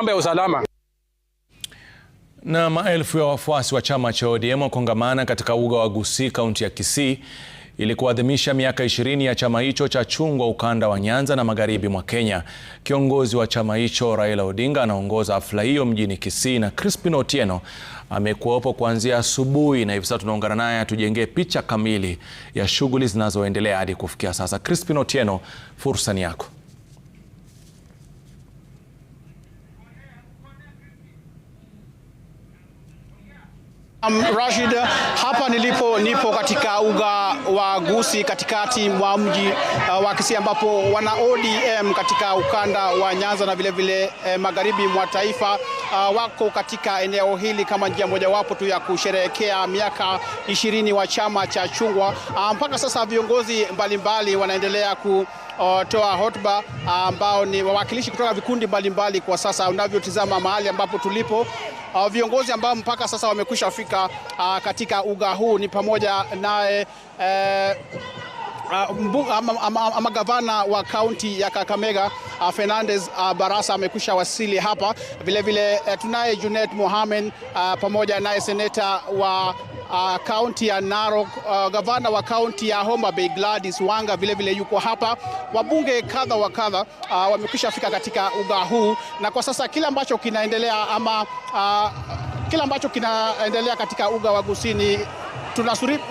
Mambo ya usalama. Na maelfu ya wafuasi wa chama cha ODM wakongamana katika uga wa Gusii kaunti ya Kisii ili kuadhimisha miaka 20 ya chama hicho cha chungwa ukanda wa Nyanza na magharibi mwa Kenya. Kiongozi wa chama hicho Raila Odinga anaongoza hafla hiyo mjini Kisii na Crispin Otieno amekuwepo kuanzia asubuhi na hivi sasa tunaungana naye atujengee picha kamili ya shughuli zinazoendelea hadi kufikia sasa. Crispin Otieno, fursa ni yako. Um, Rashid, hapa nilipo nipo katika uga wa gusi katikati mwa mji uh, wa Kisii ambapo wana ODM katika ukanda wa Nyanza na vilevile vile, eh, magharibi mwa taifa uh, wako katika eneo hili kama njia mojawapo tu ya kusherehekea miaka ishirini wa chama cha chungwa. Uh, mpaka sasa viongozi mbalimbali mbali wanaendelea ku uh, toa hotuba uh, ambao ni wawakilishi kutoka vikundi mbalimbali mbali. Kwa sasa unavyotizama mahali ambapo tulipo uh, viongozi ambao mpaka sasa wamekwisha fika uh, katika uga huu ni pamoja naye uh, Uh, ama, ama, ama gavana wa kaunti ya Kakamega uh, Fernandez uh, Barasa amekwisha wasili hapa vilevile. Uh, eh, tunaye Junet Mohamed uh, pamoja naye seneta wa kaunti uh, ya Narok. Uh, gavana wa kaunti ya Homa Bay Gladys Wanga vile vile yuko hapa. Wabunge kadha wa kadha uh, wamekwisha fika katika uga huu, na kwa sasa kile ambacho kinaendelea ama uh, kile ambacho kinaendelea katika uga wa gusini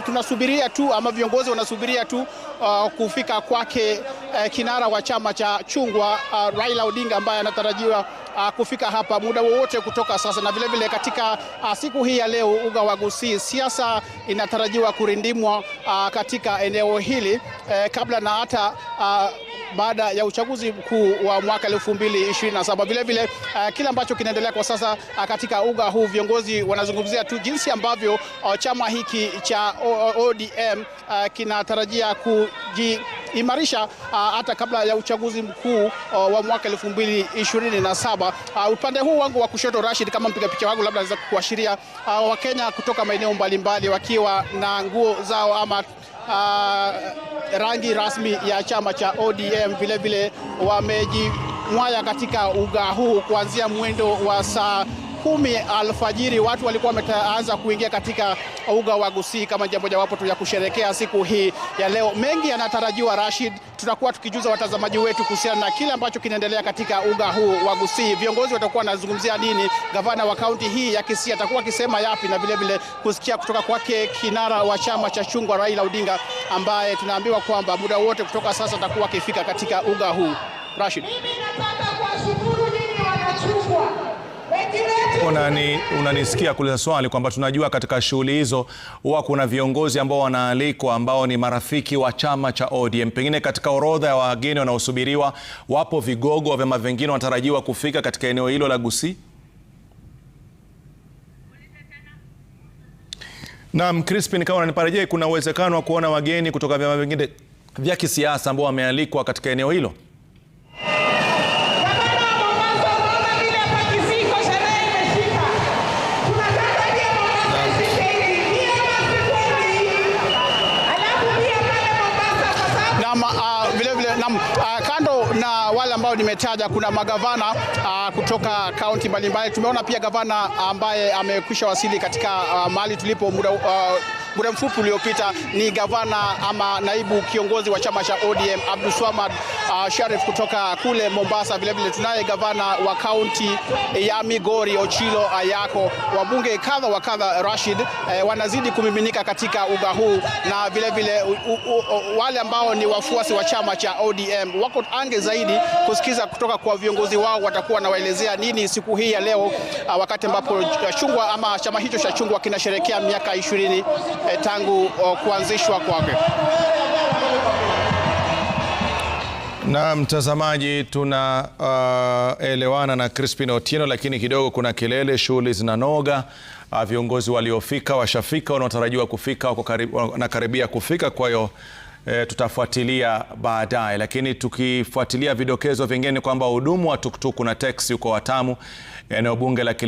tunasubiria tu ama viongozi wanasubiria tu uh, kufika kwake uh, kinara wa chama cha chungwa uh, Raila Odinga ambaye anatarajiwa uh, kufika hapa muda wowote kutoka sasa, na vilevile vile katika uh, siku hii ya leo uga wa Gusii, siasa inatarajiwa kurindimwa uh, katika eneo hili uh, kabla na hata uh, baada ya uchaguzi mkuu wa mwaka 2027. Vile vile uh, kile ambacho kinaendelea kwa sasa uh, katika uga huu viongozi wanazungumzia tu jinsi ambavyo uh, chama hiki cha ODM uh, kinatarajia kuji kuimarisha ah, hata kabla ya uchaguzi mkuu ah, wa mwaka 2027. Ah, upande huu wangu wa kushoto, Rashid, kama mpiga picha wangu, labda anaweza kuashiria Wakenya kutoka maeneo mbalimbali wakiwa na nguo zao ama Uh, rangi rasmi ya chama cha ODM vilevile wamejimwaya katika uga huu kuanzia mwendo wa saa kumi alfajiri watu walikuwa wameanza kuingia katika uga wa Gusii kama njia mojawapo tu ya kusherekea siku hii ya leo. Mengi yanatarajiwa, Rashid. Tutakuwa tukijuza watazamaji wetu kuhusiana na kile ambacho kinaendelea katika uga huu wa Gusii. Viongozi watakuwa wanazungumzia nini? Gavana wa kaunti hii ya Kisii atakuwa akisema yapi? Na vilevile kusikia kutoka kwake kinara wa chama cha chungwa Raila Odinga ambaye tunaambiwa kwamba muda wote kutoka sasa atakuwa akifika katika uga huu. Rashid unani, unanisikia kuuliza swali kwamba tunajua katika shughuli hizo huwa kuna viongozi ambao wanaalikwa ambao ni marafiki wa chama cha ODM. Pengine katika orodha ya wageni wanaosubiriwa wapo vigogo wa vyama vingine wanatarajiwa kufika katika eneo hilo la Gusii. Naam, Crispin, kama unaniparejea, kuna uwezekano wa kuona wageni kutoka vyama vingine vya kisiasa ambao wamealikwa katika eneo hilo? ambayo nimetaja, kuna magavana uh, kutoka kaunti mbalimbali. Tumeona pia gavana ambaye amekwisha wasili katika uh, mahali tulipo muda uh, muda mfupi uliopita ni gavana ama naibu kiongozi wa chama cha ODM Abdulswamad uh, Sharif kutoka kule Mombasa. Vilevile tunaye gavana wa kaunti ya Migori Ochilo Ayako. Wabunge kadha wa kadha Rashid, eh, wanazidi kumiminika katika uga huu na vilevile wale ambao ni wafuasi wa chama cha ODM wako ange zaidi kusikiza kutoka kwa viongozi wao, watakuwa nawaelezea nini siku hii ya leo, uh, wakati ambapo chungwa ama chama hicho cha chungwa kinasherekea miaka ishirini eh, tangu oh, kuanzishwa kwake. Na mtazamaji, tunaelewana uh, na Crispin Otieno, lakini kidogo kuna kelele, shughuli zinanoga. Uh, viongozi waliofika washafika, wanaotarajiwa kufika wanakaribia kufika, kwa hiyo E, tutafuatilia baadaye, lakini tukifuatilia vidokezo vingine kwamba hudumu wa tuktuku na teksi huko Watamu, eneo bunge la